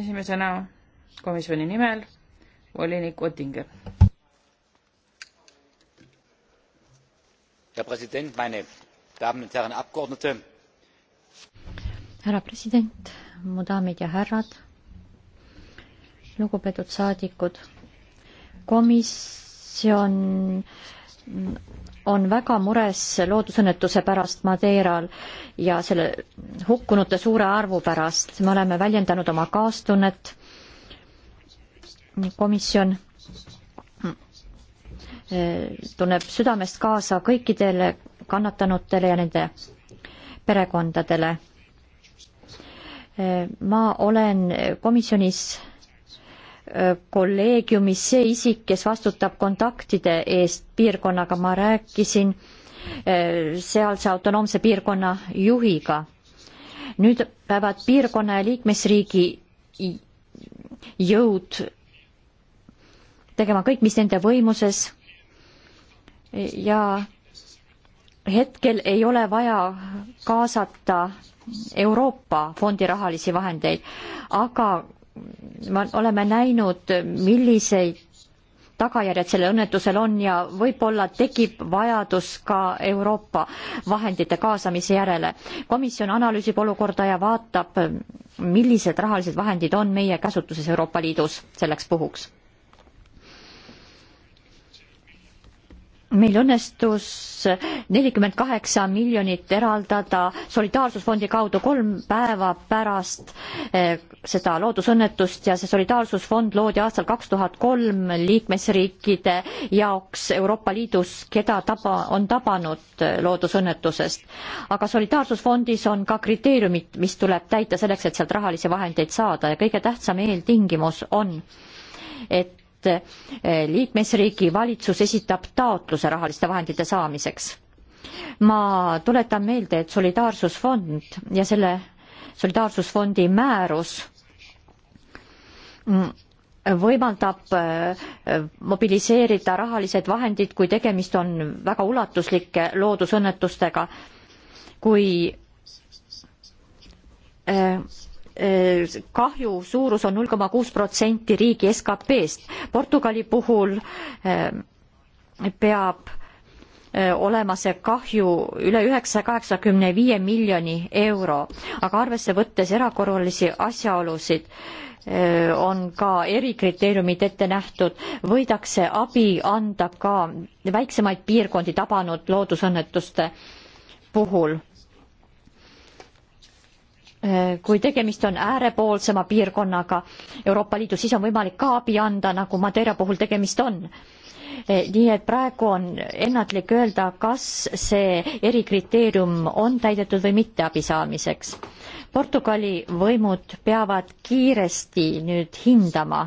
esimesena komisjoni nimel volinik Ottinger. härra president, mu daamid ja härrad, lugupeetud saadikud, komisjon on väga mures loodusõnnetuse pärast Madeiral ja selle hukkunute suure arvu pärast. me oleme väljendanud oma kaastunnet. komisjon eh, tunneb südamest kaasa kõikidele kannatanutele ja nende perekondadele. Eh, ma olen komisjonis kolleegiumis see isik, kes vastutab kontaktide eest piirkonnaga, ma rääkisin eh, sealse autonoomse piirkonna juhiga. nüüd peavad piirkonna ja liikmesriigi jõud tegema kõik, mis nende võimuses ja hetkel ei ole vaja kaasata Euroopa fondi rahalisi vahendeid, aga me oleme näinud, milliseid tagajärjed sellel õnnetusel on ja võib-olla tekib vajadus ka Euroopa vahendite kaasamise järele. komisjon analüüsib olukorda ja vaatab, millised rahalised vahendid on meie käsutuses Euroopa Liidus selleks puhuks. meil õnnestus nelikümmend kaheksa miljonit eraldada Solidaarsusfondi kaudu kolm päeva pärast eh, seda loodusõnnetust ja see Solidaarsusfond loodi aastal kaks tuhat kolm liikmesriikide jaoks Euroopa Liidus, keda taba, on tabanud loodusõnnetusest. aga Solidaarsusfondis on ka kriteeriumid, mis tuleb täita selleks, et sealt rahalisi vahendeid saada ja kõige tähtsam eeltingimus on, et et eh, liikmesriigi valitsus esitab taotluse rahaliste vahendite saamiseks. ma tuletan meelde, et Solidaarsusfond ja selle Solidaarsusfondi määrus mm, võimaldab eh, mobiliseerida rahalised vahendid, kui tegemist on väga ulatuslike loodusõnnetustega, kui eh, Äh, kahju suurus on null koma kuus protsenti riigi SKP-st. Portugali puhul äh, peab äh, olema see kahju üle üheksasaja kaheksakümne viie miljoni euro, aga arvesse võttes erakorralisi asjaolusid, on ka erikriteeriumid ette nähtud, võidakse abi anda ka väiksemaid piirkondi tabanud loodusõnnetuste puhul Äh, kui tegemist on äärepoolsema piirkonnaga Euroopa Liidus, siis on võimalik ka abi anda, nagu Madeira puhul tegemist on. Äh, nii et praegu on ennatlik öelda, kas see erikriteerium on täidetud või mitte abi saamiseks. Portugali võimud peavad kiiresti nüüd hindama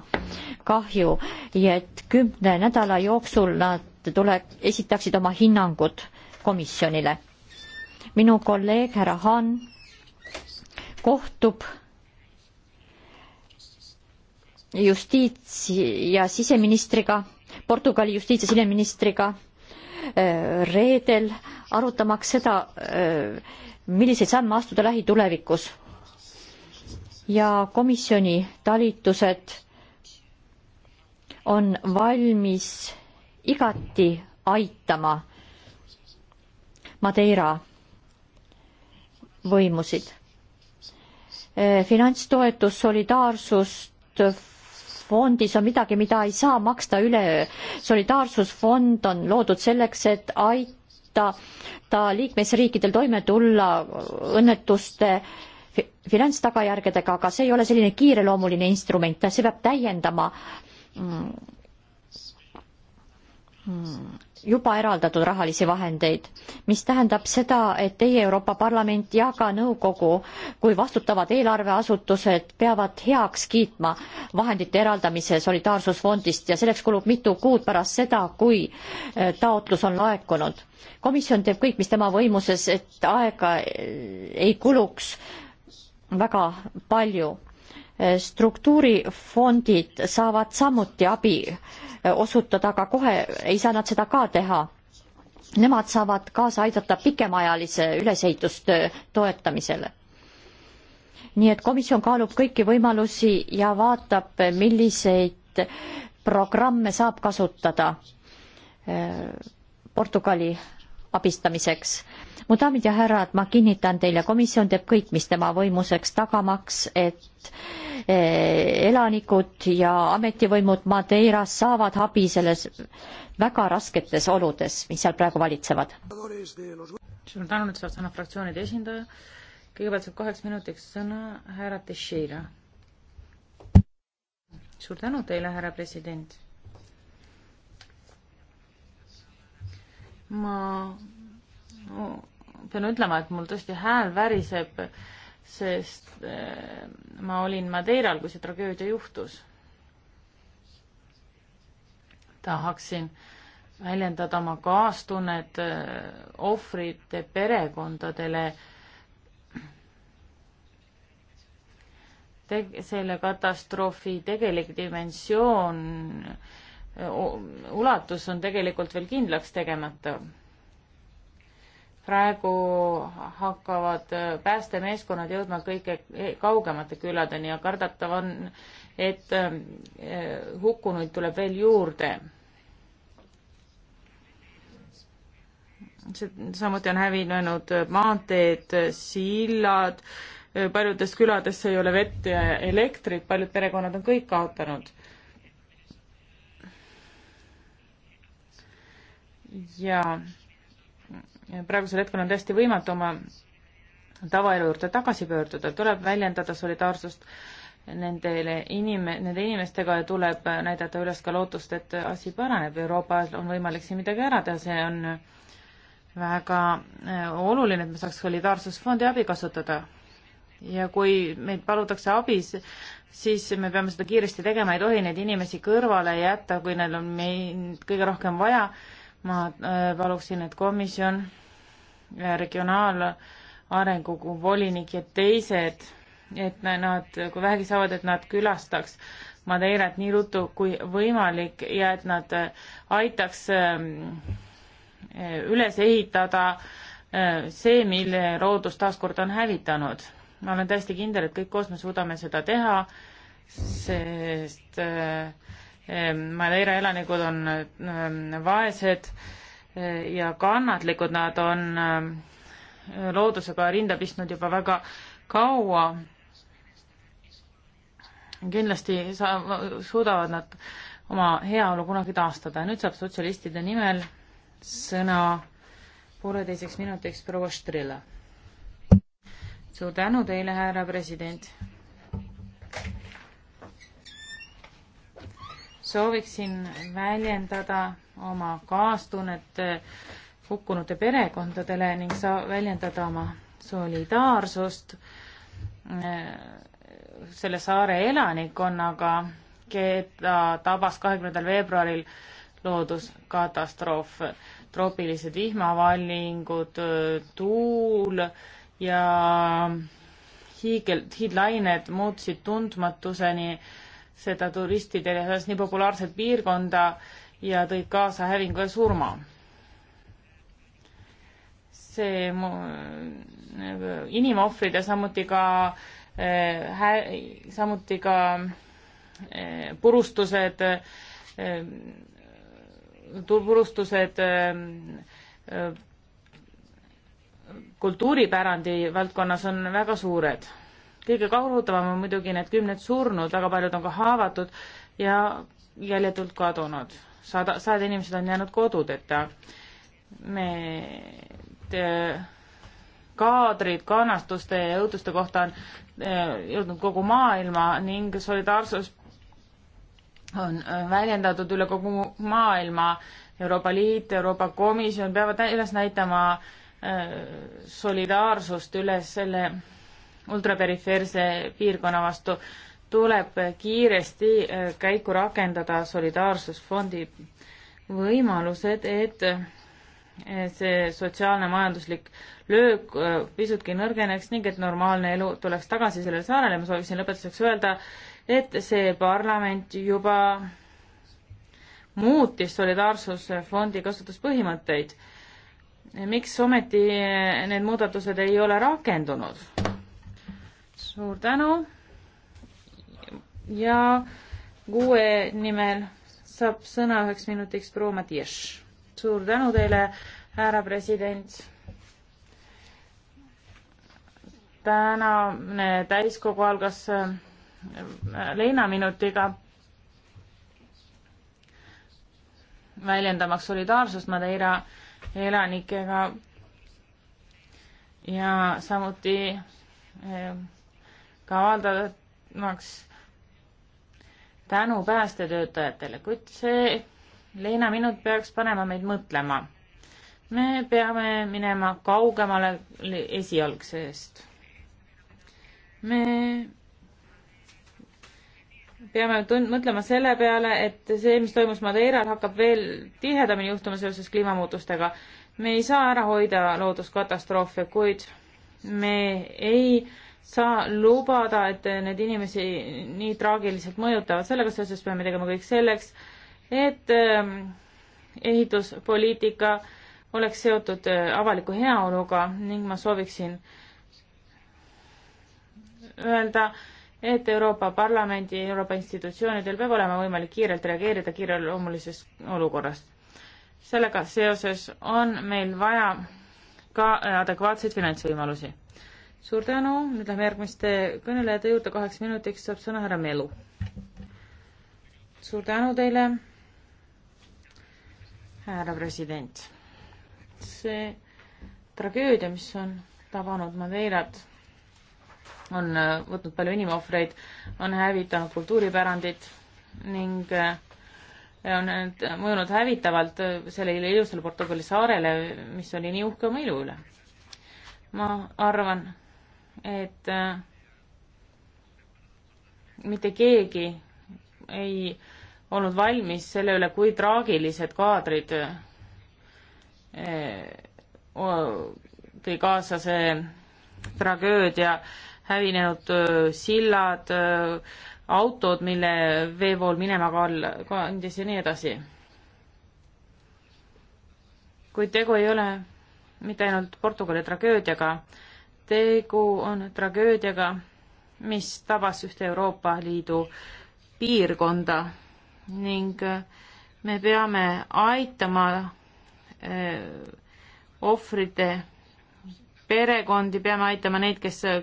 kahju ja et kümne nädala jooksul nad tule-, esitaksid oma hinnangud komisjonile. minu kolleeg härra Hahn kohtub justiits- ja siseministriga, Portugali justiits- ja siseministriga äh, reedel, arutamaks seda, äh, milliseid samme astuda lähitulevikus. ja komisjoni talitused on valmis igati aitama Madeira võimusid Eh, finantstoetus, solidaarsust fondis on midagi, mida ei saa maksta üle. solidaarsusfond on loodud selleks, et aita ta liikmesriikidel toime tulla õnnetuste finantstagajärgedega, aga see ei ole selline kiireloomuline instrument, see peab täiendama mm, mm, juba eraldatud rahalisi vahendeid, mis tähendab seda, et teie Euroopa Parlament ja ka nõukogu kui vastutavad eelarveasutused peavad heaks kiitma vahendite eraldamise Solidaarsusfondist ja selleks kulub mitu kuud pärast seda, kui eh, taotlus on laekunud. komisjon teeb kõik, mis tema võimuses, et aega eh, ei kuluks väga palju struktuurifondid saavad samuti abi osutada, aga kohe ei saa nad seda ka teha. Nemad saavad kaasa aidata pikemaajalise ülesehitustöö toetamisele nii et komisjon kaalub kõiki võimalusi ja vaatab, milliseid programme saab kasutada eh, Portugali abistamiseks. mu daamid ja härrad, ma kinnitan teile, komisjon teeb kõik, mis tema võimuseks tagamaks, et Eh, elanikud ja ametivõimud Madeiras saavad abi selles väga rasketes oludes, mis seal praegu valitsevad. suur tänu, nüüd saab sõna fraktsioonide esindaja. kõigepealt saab kaheks minutiks sõna härra Teixeira. suur tänu teile, härra president. ma no, pean ütlema, et mul tõesti hääl väriseb äh, sest eh, ma olin Madeiral, kui see tragöödia juhtus. tahaksin väljendada oma kaastunnet eh, ohvrite perekondadele. selle katastroofi tegelik dimensioon, eh, ulatus on tegelikult veel kindlaks tegemata praegu hakkavad päästemeeskonnad jõudma kõige kaugemate küladeni ja kardatav on, et eh, hukkunuid tuleb veel juurde. samuti on hävinenud maanteed, sillad, paljudes külades ei ole vett ja elektrit, paljud perekonnad on kõik kaotanud ja praegusel hetkel on täiesti võimatu oma tavaelu juurde tagasi pöörduda, tuleb väljendada solidaarsust nendele inim-, nende inimestega ja tuleb näidata üles ka lootust, et asi paraneb, Euroopas on võimalik siin midagi ära teha, see on väga äh, oluline, et me saaks solidaarsusfondi abi kasutada. ja kui meid palutakse abi, siis me peame seda kiiresti tegema, ei tohi neid inimesi kõrvale jätta, kui neil on meid kõige rohkem vaja, ma äh, paluksin, et komisjon regionaalarengu volinik ja teised, et nad, kui vähegi saavad, et nad külastaks Madeirat nii ruttu kui võimalik ja et nad aitaks ähm, äh, üles ehitada äh, see, mille loodus taaskord on hävitanud. ma olen täiesti kindel, et kõik koos me suudame seda teha, sest äh, Madeira elanikud on ähm, vaesed ja kannatlikud nad on äh, loodusega rinda pistnud juba väga kaua. kindlasti saa-, suudavad nad oma heaolu kunagi taastada. nüüd saab sotsialistide nimel sõna pooleteiseks minutiks proua Štrila. suur tänu teile, härra president sooviksin väljendada oma kaastunnet hukkunute perekondadele ning saa-, väljendada oma solidaarsust äh, selle saare elanikkonnaga, keda tabas kahekümnendal veebruaril looduskatastroof, troopilised vihmavalmingud, tuul ja hiigel, hiidlained muutsid tundmatuseni äh, seda turistidele ühes nii populaarset piirkonda ja tõid kaasa hävingu ja surma. see nagu inimohvrid ja samuti ka äh, samuti ka äh, purustused äh,, purustused kultuuripärandi valdkonnas on väga suured kõige kohutavam on muidugi need kümned surnud, väga paljud on ka haavatud ja jäljetult kadunud. sada, sajad inimesed on jäänud kodudeta. me te, kaadrid kannastuste ja õuduste kohta on eh, jõudnud kogu maailma ning solidaarsus on eh, väljendatud üle kogu maailma. Euroopa Liit, Euroopa Komisjon peavad üles näitama eh, solidaarsust üles selle ultraperifeerse piirkonna vastu, tuleb kiiresti äh, käiku rakendada solidaarsusfondi võimalused, et äh, see sotsiaalne majanduslik löök äh, pisutki nõrgeneks ning et normaalne elu tuleks tagasi sellele saarele. ma sooviksin lõpetuseks öelda, et see parlament juba muutis solidaarsusfondi kasutuspõhimõtteid. miks ometi need muudatused ei ole rakendunud? suur tänu ja kuue nimel saab sõna üheks minutiks proua Matiesh. suur tänu teile, härra president. tänane täiskogu algas äh, leinaminutiga. väljendamaks solidaarsust Madeira elanikega ja samuti äh, ka avaldamaks tänu päästetöötajatele, kuid see leinaminut peaks panema meid mõtlema. me peame minema kaugemale esialgsest. me peame tund-, mõtlema selle peale, et see, mis toimus Madeiral, hakkab veel tihedamini juhtuma seoses kliimamuutustega. me ei saa ära hoida looduskatastroofe, kuid me ei äh, saa lubada, et need inimesi nii traagiliselt mõjutavad, sellega seoses peame tegema kõik selleks, et ähm, ehituspoliitika oleks seotud äh, avaliku heaoluga ning ma sooviksin öelda, et Euroopa Parlamendi, Euroopa institutsioonidel peab olema võimalik kiirelt reageerida kiireloomulisest olukorrast. sellega seoses on meil vaja ka äh, adekvaatseid finantsvõimalusi suur tänu, nüüd lähme järgmiste kõnelejate juurde, kaheks minutiks saab sõna härra Melu. suur tänu teile, härra president. see tragöödia, mis on tabanud Madeirat, on äh, võtnud palju inimohvreid, on hävitanud kultuuripärandit ning äh, on mõjunud hävitavalt äh, sellele ilusale Portugali saarele, mis oli nii uhke oma ilu üle. ma arvan, et äh, mitte keegi ei olnud valmis selle üle, kui traagilised kaadrid äh, tõi kaasa see tragöödia, hävinenud äh, sillad, autod, mille veevool minema kandis ja nii edasi. kuid tegu ei ole mitte ainult Portugali tragöödiaga, tegu on tragöödiaga, mis tabas ühte Euroopa Liidu piirkonda ning äh, me peame aitama äh, ohvrite perekondi, peame aitama neid, kes äh,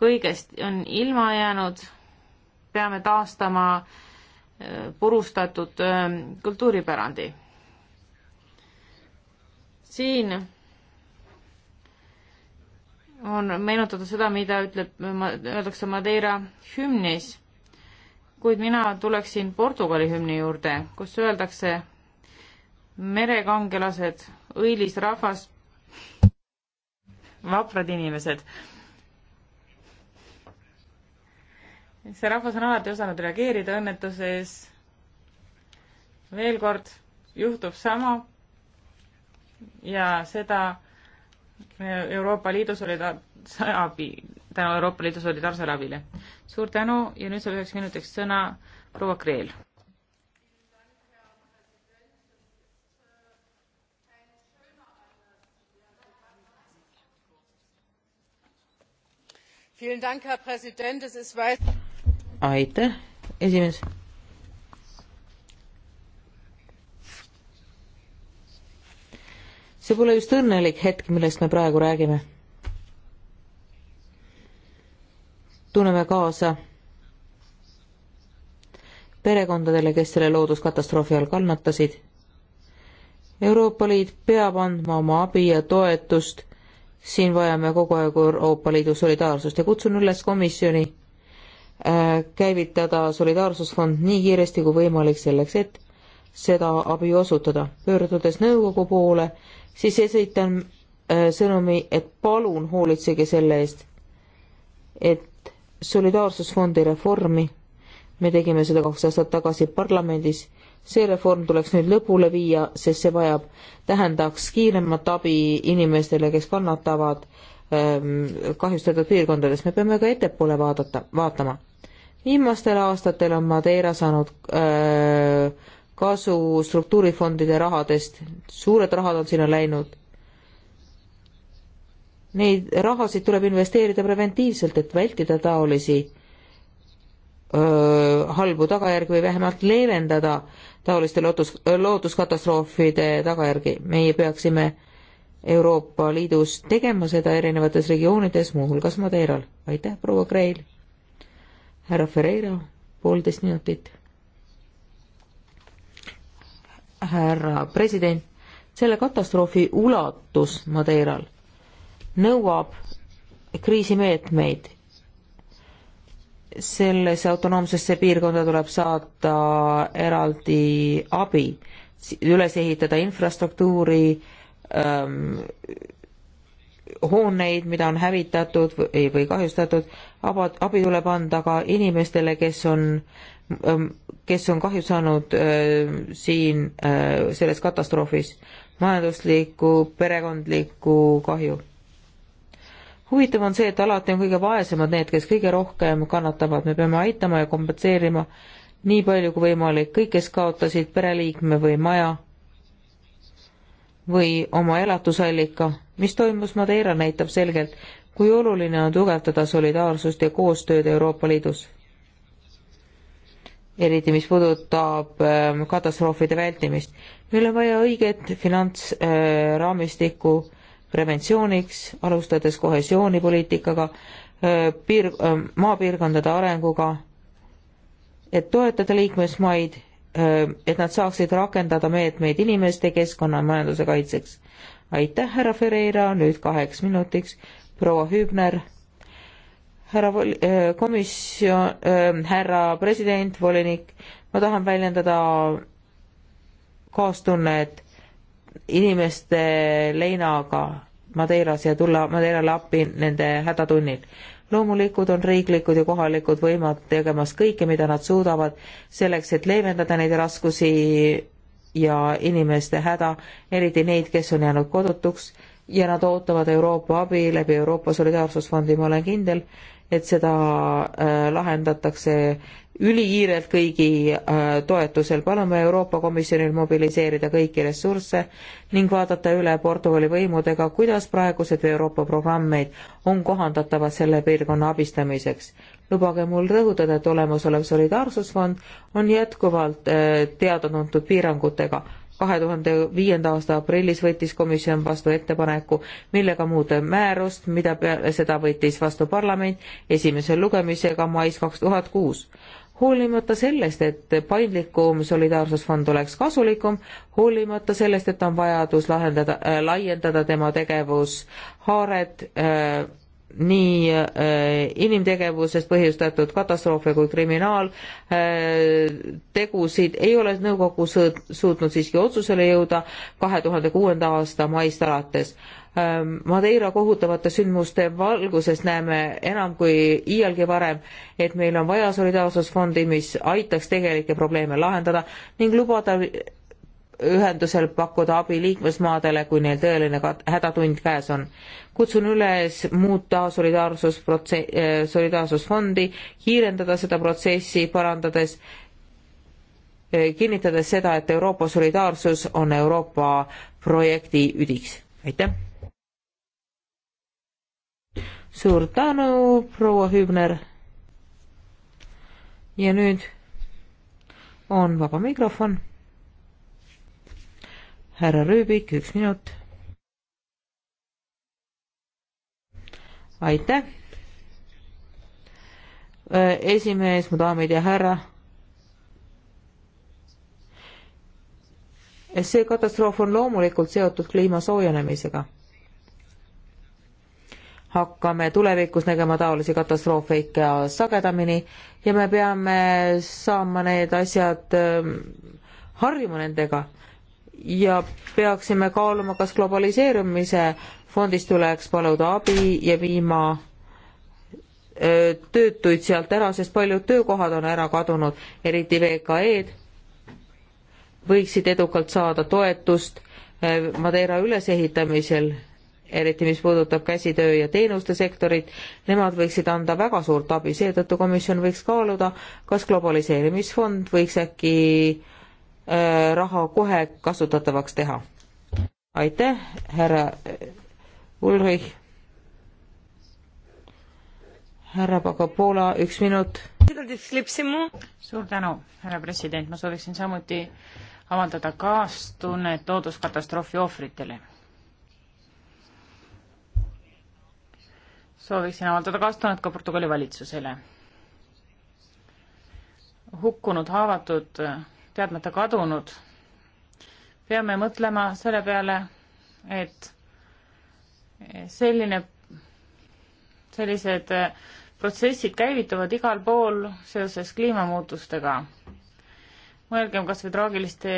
kõigest on ilma jäänud, peame taastama purustatud kultuuripärandi. siin on meenutada seda, mida ütleb, öeldakse Madeira hümnis, kuid mina tuleksin Portugali hümni juurde, kus öeldakse merekangelased, õilis rahvas, vaprad inimesed. see rahvas on alati osanud reageerida õnnetuse ees. veel kord, juhtub sama ja seda Euroopa Liidu solidaarse abi, tänu Euroopa Liidu solidaarsele abile. suur tänu ja nüüd saab üheks minutiks sõna proua Kreel. aitäh, esimees see pole just õnnelik hetk, millest me praegu räägime. tunneme kaasa perekondadele, kes selle looduskatastroofi all kannatasid. Euroopa Liit peab andma oma abi ja toetust, siin vajame kogu aeg Euroopa Liidu solidaarsust ja kutsun üles komisjoni äh, käivitada solidaarsusfond nii kiiresti kui võimalik selleks, et seda abi osutada, pöördudes nõukogu poole siis esitan äh, sõnumi, et palun hoolitsege selle eest, et solidaarsusfondi reformi, me tegime seda kaks aastat tagasi parlamendis, see reform tuleks nüüd lõpule viia, sest see vajab, tähendaks kiiremat abi inimestele, kes kannatavad ähm, kahjustatud piirkondades, me peame ka ettepoole vaadata, vaatama. viimastel aastatel on Madeira saanud öö, äh, kasu struktuurifondide rahadest, suured rahad on sinna läinud. Neid rahasid tuleb investeerida preventiivselt, et vältida taolisi öö, halbu tagajärgi või vähemalt leevendada taoliste lootus, looduskatastroofide tagajärgi. meie peaksime Euroopa Liidus tegema seda erinevates regioonides, muuhulgas Madeiral. aitäh, proua Kreil! härra Ferreira, poolteist minutit härra president, selle katastroofi ulatus Madeiral nõuab kriisimeetmeid. sellesse autonoomsesse piirkonda tuleb saata eraldi abi, üles ehitada infrastruktuuri ähm,, hooneid, mida on hävitatud või, või kahjustatud, abi tuleb anda ka inimestele, kes on, ähm, kes on kahju saanud äh, siin äh, selles katastroofis, majanduslikku, perekondlikku kahju. huvitav on see, et alati on kõige vaesemad need, kes kõige rohkem kannatavad, me peame aitama ja kompenseerima nii palju kui võimalik kõik, kes kaotasid pereliikme või maja või oma elatusallika mis toimus Madeira, näitab selgelt, kui oluline on tugevdada solidaarsust ja koostööd Euroopa Liidus. eriti, mis puudutab ähm, katastroofide vältimist. meil on vaja õiget finantsraamistikku äh, preventsiooniks, alustades kohesioonipoliitikaga, äh, piir-, ähm, maapiirkondade arenguga, et toetada liikmesmaid, äh, et nad saaksid rakendada meetmeid inimeste, keskkonna ja majanduse kaitseks aitäh, härra Ferreira, nüüd kaheks minutiks proua Hübner. härra vol-, äh, komisjon äh,, härra president, volinik, ma tahan väljendada kaastunnet inimeste leinaga Madeiras ja tulla Madeirale appi nende hädatunnil. loomulikult on riiklikud ja kohalikud võimad tegemas kõike, mida nad suudavad selleks, et leevendada neid raskusi ja inimeste häda, eriti neid, kes on jäänud kodutuks ja nad ootavad Euroopa abi läbi Euroopa Solidaarsusfondi, ma olen kindel, et seda äh, lahendatakse ülikiirelt kõigi äh, toetusel. palume Euroopa Komisjonil mobiliseerida kõiki ressursse ning vaadata üle Portugali võimudega, kuidas praegused Euroopa programmeid on kohandatavad selle piirkonna abistamiseks. lubage mul rõhutada, et olemasolev solidaarsusfond on jätkuvalt äh, teada-tuntud piirangutega kahe tuhande viienda aasta aprillis võttis komisjon vastu ettepaneku, millega muuta määrust, mida peale seda võttis vastu parlament esimese lugemisega mais kaks tuhat kuus hoolimata sellest, et paindlikum solidaarsusfond oleks kasulikum, hoolimata sellest, et on vajadus lahendada äh,, laiendada tema tegevushaaret äh, nii äh, inimtegevusest põhjustatud katastroofe kui kriminaaltegusid äh, ei ole nõukogu suutnud siiski otsusele jõuda kahe tuhande kuuenda aasta maist alates äh, Ähm, Madeira kohutavate sündmuste valguses näeme enam kui iialgi varem, et meil on vaja solidaarsusfondi, mis aitaks tegelikke probleeme lahendada ning lubada ühendusel pakkuda abi liikmesmaadele, kui neil tõeline hädatund käes on. kutsun üles muuta solidaarsusprotse-, äh, solidaarsusfondi, kiirendada seda protsessi, parandades äh, kinnitades seda, et Euroopa solidaarsus on Euroopa projekti üdiks. aitäh! suur tänu, proua Hübner. ja nüüd on vaba mikrofon. härra Rüübik, üks minut. aitäh. Äh, esimees, mu daamid ja härra see katastroof on loomulikult seotud kliima soojenemisega hakkame tulevikus nägema taolisi katastroofe ikka sagedamini ja me peame saama need asjad äh,, harjuma nendega ja peaksime kaaluma, kas globaliseerumise fondist tuleks paluda abi ja viima äh, töötuid sealt ära, sest paljud töökohad on ära kadunud, eriti VKE-d võiksid edukalt saada toetust äh, Madeira ülesehitamisel eriti mis puudutab käsitöö ja teenuste sektorit, nemad võiksid anda väga suurt abi, seetõttu komisjon võiks kaaluda, kas globaliseerimisfond võiks äkki äh, raha kohe kasutatavaks teha. aitäh, härra äh, Ulrich. härra Pagapola, üks minut. suur tänu, härra president, ma sooviksin samuti avaldada kaastunnet looduskatastroofi ohvritele sooviksin avaldada kaastunnet ka Portugali valitsusele. hukkunud, haavatud, teadmata kadunud. peame mõtlema selle peale, et selline, sellised protsessid käivituvad igal pool seoses kliimamuutustega. mõelgem kas või traagiliste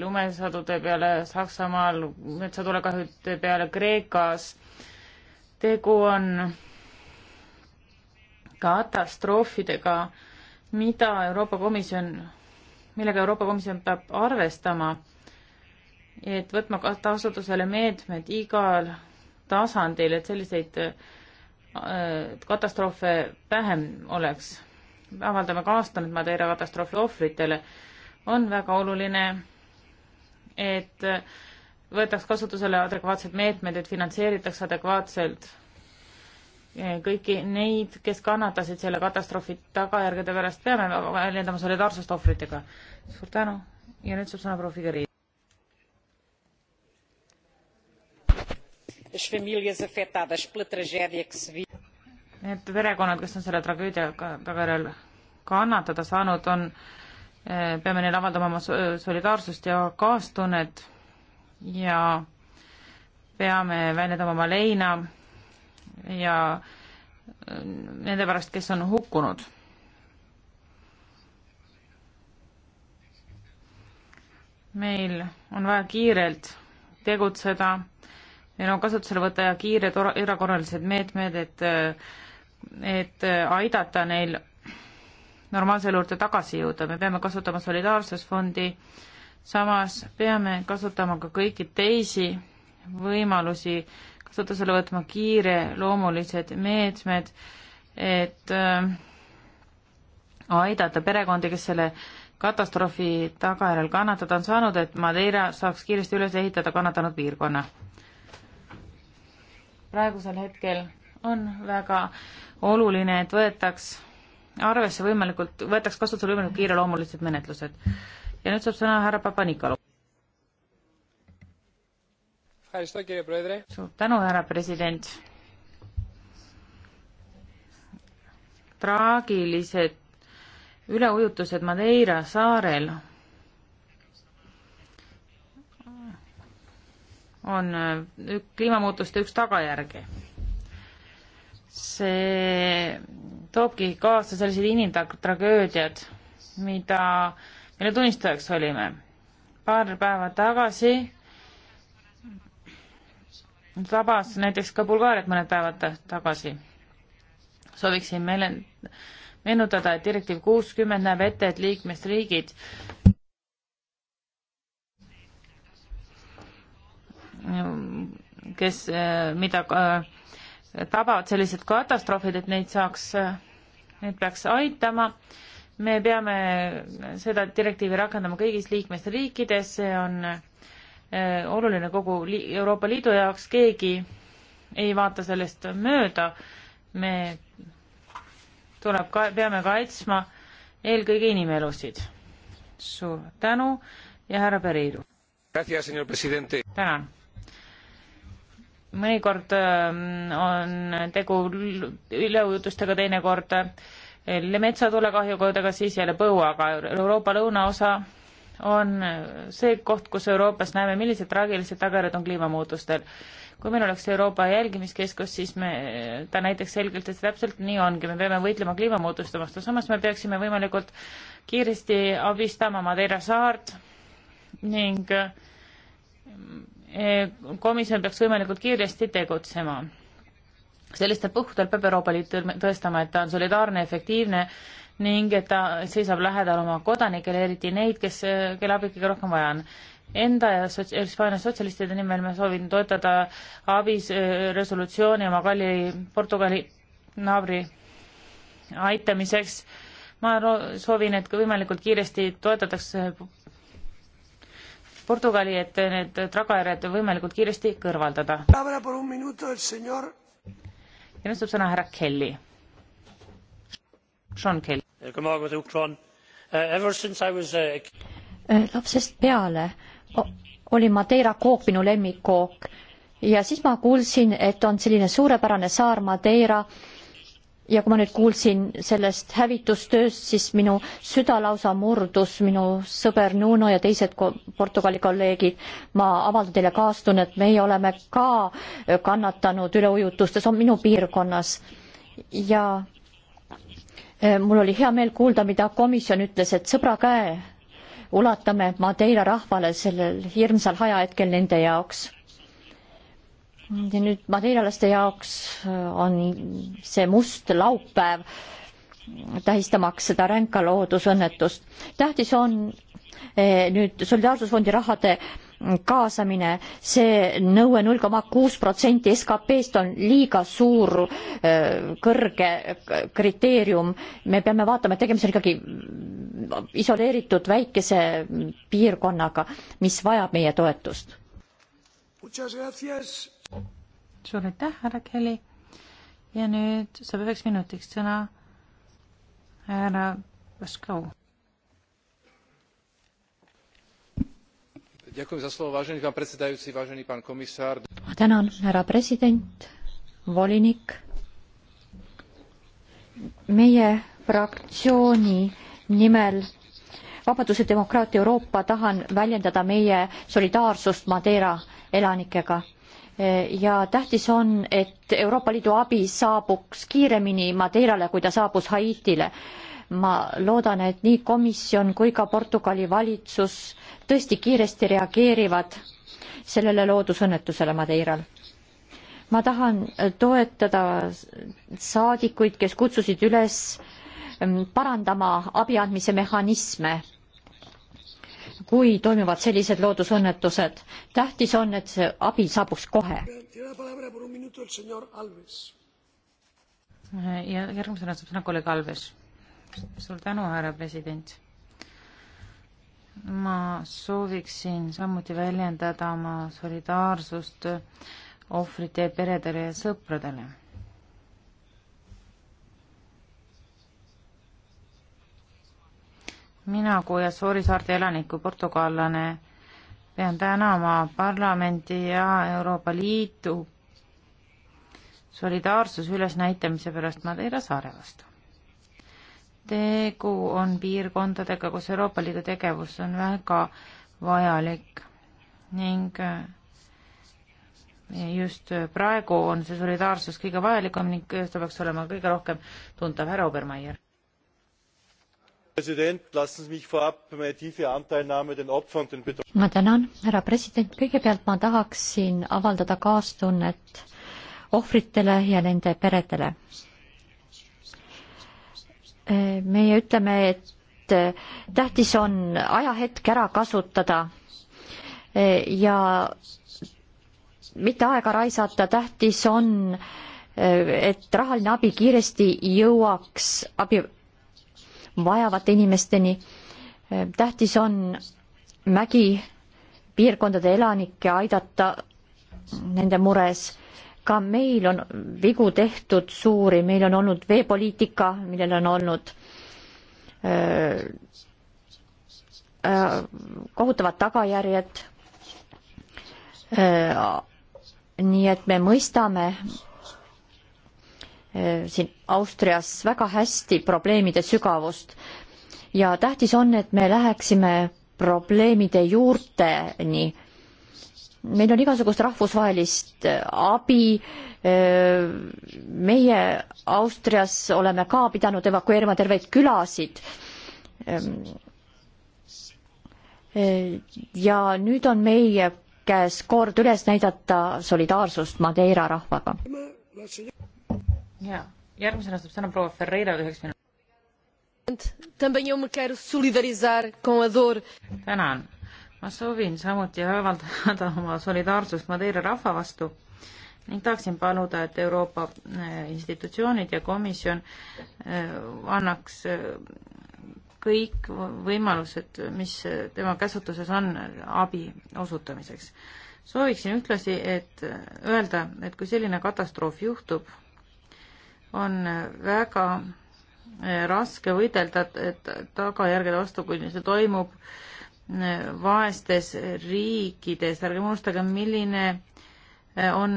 lumesadude peale Saksamaal, metsatulekahjude peale Kreekas tegu on katastroofidega, mida Euroopa Komisjon, millega Euroopa Komisjon peab arvestama, et võtma kasutusele meetmed igal tasandil, et selliseid äh, katastroofe vähem oleks. avaldame kaastunnet Madeira katastroofi ohvritele. on väga oluline, et äh, võetaks kasutusele adekvaatsed meetmed, et finantseeritaks adekvaatselt eh, kõiki neid, kes kannatasid selle katastroofi tagajärgede pärast, peame väljendama solidaarsust ohvritega. suur tänu ja nüüd saab sõna proua Figeri. Need perekonnad, kes on selle tragöödia tagajärjel kannatada saanud, on, eh, peame neile avaldama oma solidaarsust ja kaastunnet ja peame välja tõmbama leina ja äh, nende pärast, kes on hukkunud. meil on vaja kiirelt tegutseda, meil on kasutusele võtta kiired erakorralised meetmed, et, et äh, aidata neil normaalse elu juurde tagasi jõuda, me peame kasutama solidaarsusfondi äh, samas peame kasutama ka kõiki teisi võimalusi, kasutusele võtma kiireloomulised meetmed, et äh, aidata perekondi, kes selle katastroofi tagajärjel kannatada on saanud, et Madeira saaks kiiresti üles ehitada kannatanud piirkonna. praegusel hetkel on väga oluline, et võetaks arvesse võimalikult, võetaks kasutusele võimalikult kiireloomulised menetlused ja nüüd saab sõna härra Papanikalu. suur tänu, härra president. traagilised üleujutused Madeira saarel on kliimamuutuste üks tagajärgi. see toobki kaasa sellised inimtragöödiad, mida äh, mille tunnistajaks olime. paar päeva tagasi tabas näiteks ka Bulgaariat mõned päevad tagasi. sooviksin meile meenutada, et direktiiv kuuskümmend näeb ette, et liikmesriigid kes, eh, mida eh, tabavad sellised katastroofid, et neid saaks, eh, neid peaks aitama me peame seda direktiivi rakendama kõigis liikmesriikides, see on äh, oluline kogu Euroopa Liidu jaoks, keegi ei vaata sellest mööda, me tuleb ka, peame kaitsma eelkõige inimelusid. suur tänu ja härra Pereiru. tänan. mõnikord ähm, on tegu üleujutustega, teinekord äh, metsatulekahjukordadega, siis jälle põuaga. Euroopa lõunaosa on see koht, kus Euroopas näeme, millised traagilised tagajärjed on kliimamuutustel. kui meil oleks Euroopa jälgimiskeskus, siis me, ta näiteks selgelt, et täpselt nii ongi, me peame võitlema kliimamuutuste vastu, samas me peaksime võimalikult kiiresti abistama Madeira saart ning eh, komisjon peaks võimalikult kiiresti tegutsema sellistel puhkudel peab Euroopa Liit tõestama, et ta on solidaarne, efektiivne ning et ta seisab lähedal oma kodanikele, eriti neid, kes, kelle abi kõige rohkem vaja on. Enda ja sots-, Hispaania sotsialistide nimel ma soovin toetada abis resolutsiooni oma kalli Portugali naabri aitamiseks. ma soovin, et ka võimalikult kiiresti toetatakse Portugali, et need tagajärjed võimalikult kiiresti kõrvaldada ja nüüd saab sõna härra Kelly. Sean Kelly. Äh, äh, äh, lapsest peale oli Madeira kook minu lemmikkook ja siis ma kuulsin, et on selline suurepärane saar Madeira ja kui ma nüüd kuulsin sellest hävitustööst, siis minu süda lausa murdus, minu sõber Nuno ja teised ko Portugali kolleegid, ma avaldan teile kaastunnet, meie oleme ka kannatanud üleujutustes, on minu piirkonnas ja e, mul oli hea meel kuulda, mida komisjon ütles, et sõbra käe ulatame Madeira rahvale sellel hirmsal ajahetkel nende jaoks ja nüüd madeiralaste jaoks äh, on see must laupäev tähistamaks seda ränka loodusõnnetust. tähtis on äh, nüüd solidaarsusfondi rahade kaasamine, see nõue null koma kuus protsenti SKP-st on liiga suur äh, kõrge kriteerium. me peame vaatama, et tegemist on ikkagi isoleeritud väikese piirkonnaga, mis vajab meie toetust. Muchas gracias suur aitäh, härra Kelly. ja nüüd saab üheks minutiks sõna härra Paskov. ma tänan, härra president, volinik. meie fraktsiooni nimel Vabaduse demokraatia Euroopa tahan väljendada meie solidaarsust Madeira elanikega ja tähtis on, et Euroopa Liidu abi saabuks kiiremini Madeirale, kui ta saabus Haitile. ma loodan, et nii komisjon kui ka Portugali valitsus tõesti kiiresti reageerivad sellele loodusõnnetusele Madeiral ma tahan toetada saadikuid, kes kutsusid üles mm, parandama abi andmise mehhanisme kui toimuvad sellised loodusõnnetused. tähtis on, et see abi saabuks kohe. ja järgmisena saab sõna kolleeg Alves. suur tänu, härra president. ma sooviksin samuti väljendada oma solidaarsust ohvrite peredele ja sõpradele mina kui Assuuri saarte elaniku portugallane pean tänama parlamenti ja Euroopa Liitu solidaarsuse ülesnäitamise pärast Madeira saare vastu. tegu on piirkondadega, kus Euroopa Liidu tegevus on väga vajalik ning just praegu on see solidaarsus kõige vajalikum ning ta peaks olema kõige rohkem tuntav, härra Obermeier ma tänan, härra president, kõigepealt ma tahaksin avaldada kaastunnet ohvritele ja nende peredele. meie ütleme, et tähtis on ajahetk ära kasutada ja mitte aega raisata, tähtis on, et rahaline abi kiiresti jõuaks abi vajavate inimesteni. tähtis on mägipiirkondade elanikke aidata nende mures. ka meil on vigu tehtud suuri, meil on olnud veepoliitika, millel on olnud öö, öö, kohutavad tagajärjed. nii et me mõistame Äh, siin Austrias väga hästi probleemide sügavust ja tähtis on, et me läheksime probleemide juurteni. meil on igasugust rahvusvahelist äh, abi. Äh, meie Austrias oleme ka pidanud evakueerima terveid külasid. Ähm, ja nüüd on meie käes kord üles näidata solidaarsust Madeira rahvaga ja järgmisena saab sõna proua Ferreira üheks minutiks. tänan. ma soovin samuti avaldada oma solidaarsust Madeira rahva vastu ning tahaksin paluda, et Euroopa eh, institutsioonid ja komisjon eh, annaks eh, kõik võimalused, mis tema käsutuses on, abi osutamiseks. sooviksin ühtlasi, et öelda, et kui selline katastroof juhtub, on väga eh, raske võidelda tagajärgede vastu, kui see toimub eh, vaestes riikides, ärgem unustagem, milline eh, on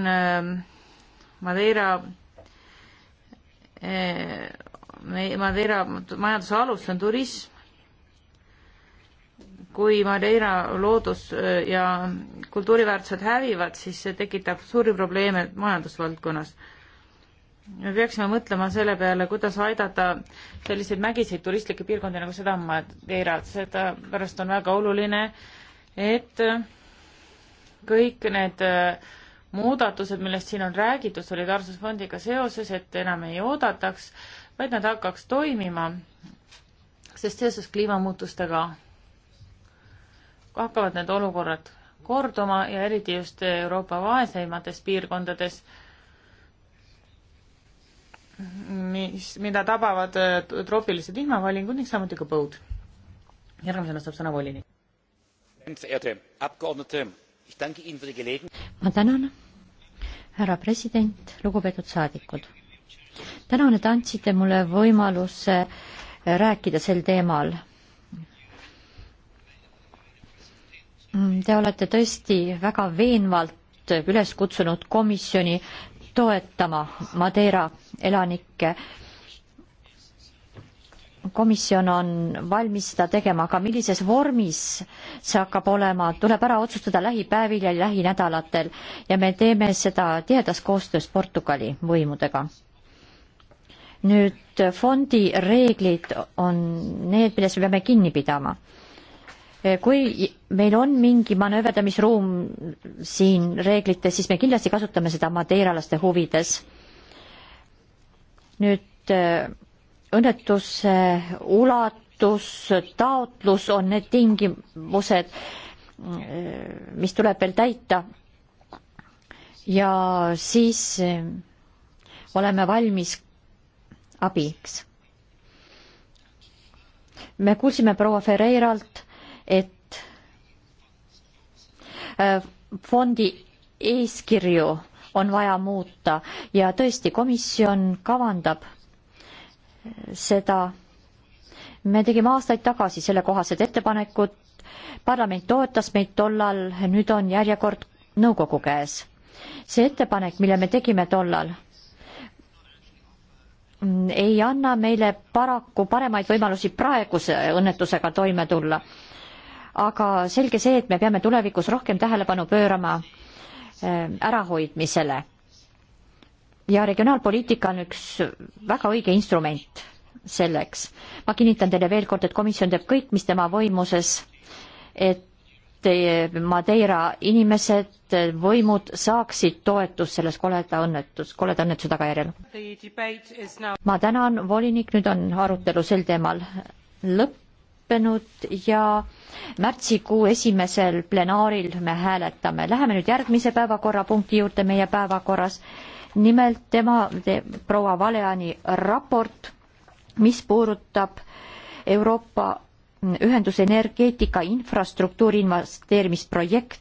Madeira Madeira majanduse alus on turism. kui Madeira loodus ja kultuuriväärtused hävivad, siis see tekitab suuri probleeme majandusvaldkonnas me peaksime mõtlema selle peale, kuidas aidata selliseid mägiseid turistlikke piirkondi nagu seda on Madeira, sedapärast on väga oluline, et kõik need äh, muudatused, millest siin on räägitud Solidaarsusfondiga seoses, et enam ei oodataks, vaid nad hakkaks toimima, sest seoses kliimamuutustega hakkavad need olukorrad korduma ja eriti just Euroopa vaeseimates piirkondades mis, mida tabavad äh, troopilised vihmavalingud ning samuti ka põud. järgmisena saab sõna volinik. ma tänan, härra president, lugupeetud saadikud. tänan, et andsite mulle võimaluse rääkida sel teemal. Te olete tõesti väga veenvalt üles kutsunud komisjoni toetama Madeira elanikke. komisjon on valmis seda tegema, aga millises vormis see hakkab olema, tuleb ära otsustada lähipäevil ja lähinädalatel ja me teeme seda tihedas koostöös Portugali võimudega nüüd fondi reeglid on need, millest me peame kinni pidama Eh, kui meil on mingi manööverdamisruum siin reeglites, siis me kindlasti kasutame seda madeeralaste huvides. nüüd eh, õnnetuse ulatus, taotlus on need tingimused, eh, mis tuleb veel täita. ja siis oleme valmis abiks. me kuulsime proua Ferreiralt et äh, fondi eeskirju on vaja muuta ja tõesti, komisjon kavandab äh, seda. me tegime aastaid tagasi sellekohased ettepanekud, parlament toetas meid tollal, nüüd on järjekord nõukogu käes. see ettepanek, mille me tegime tollal, mm, ei anna meile paraku paremaid võimalusi praeguse õnnetusega toime tulla aga selge see, et me peame tulevikus rohkem tähelepanu pöörama äh, ärahoidmisele. ja regionaalpoliitika on üks väga õige instrument selleks. ma kinnitan teile veel kord, et komisjon teeb kõik, mis tema võimuses, et Madeira inimesed, võimud saaksid toetust selles koleda õnnetus, koleda õnnetuse tagajärjel. ma tänan, volinik, nüüd on arutelu sel teemal lõpp lõppenud ja märtsikuu esimesel plenaaril me hääletame. Läheme nüüd järgmise päevakorrapunkti juurde meie päevakorras. nimelt tema te,, proua Valeani raport, mis puudutab Euroopa ühendusenergeetika infrastruktuuri investeerimisprojekti.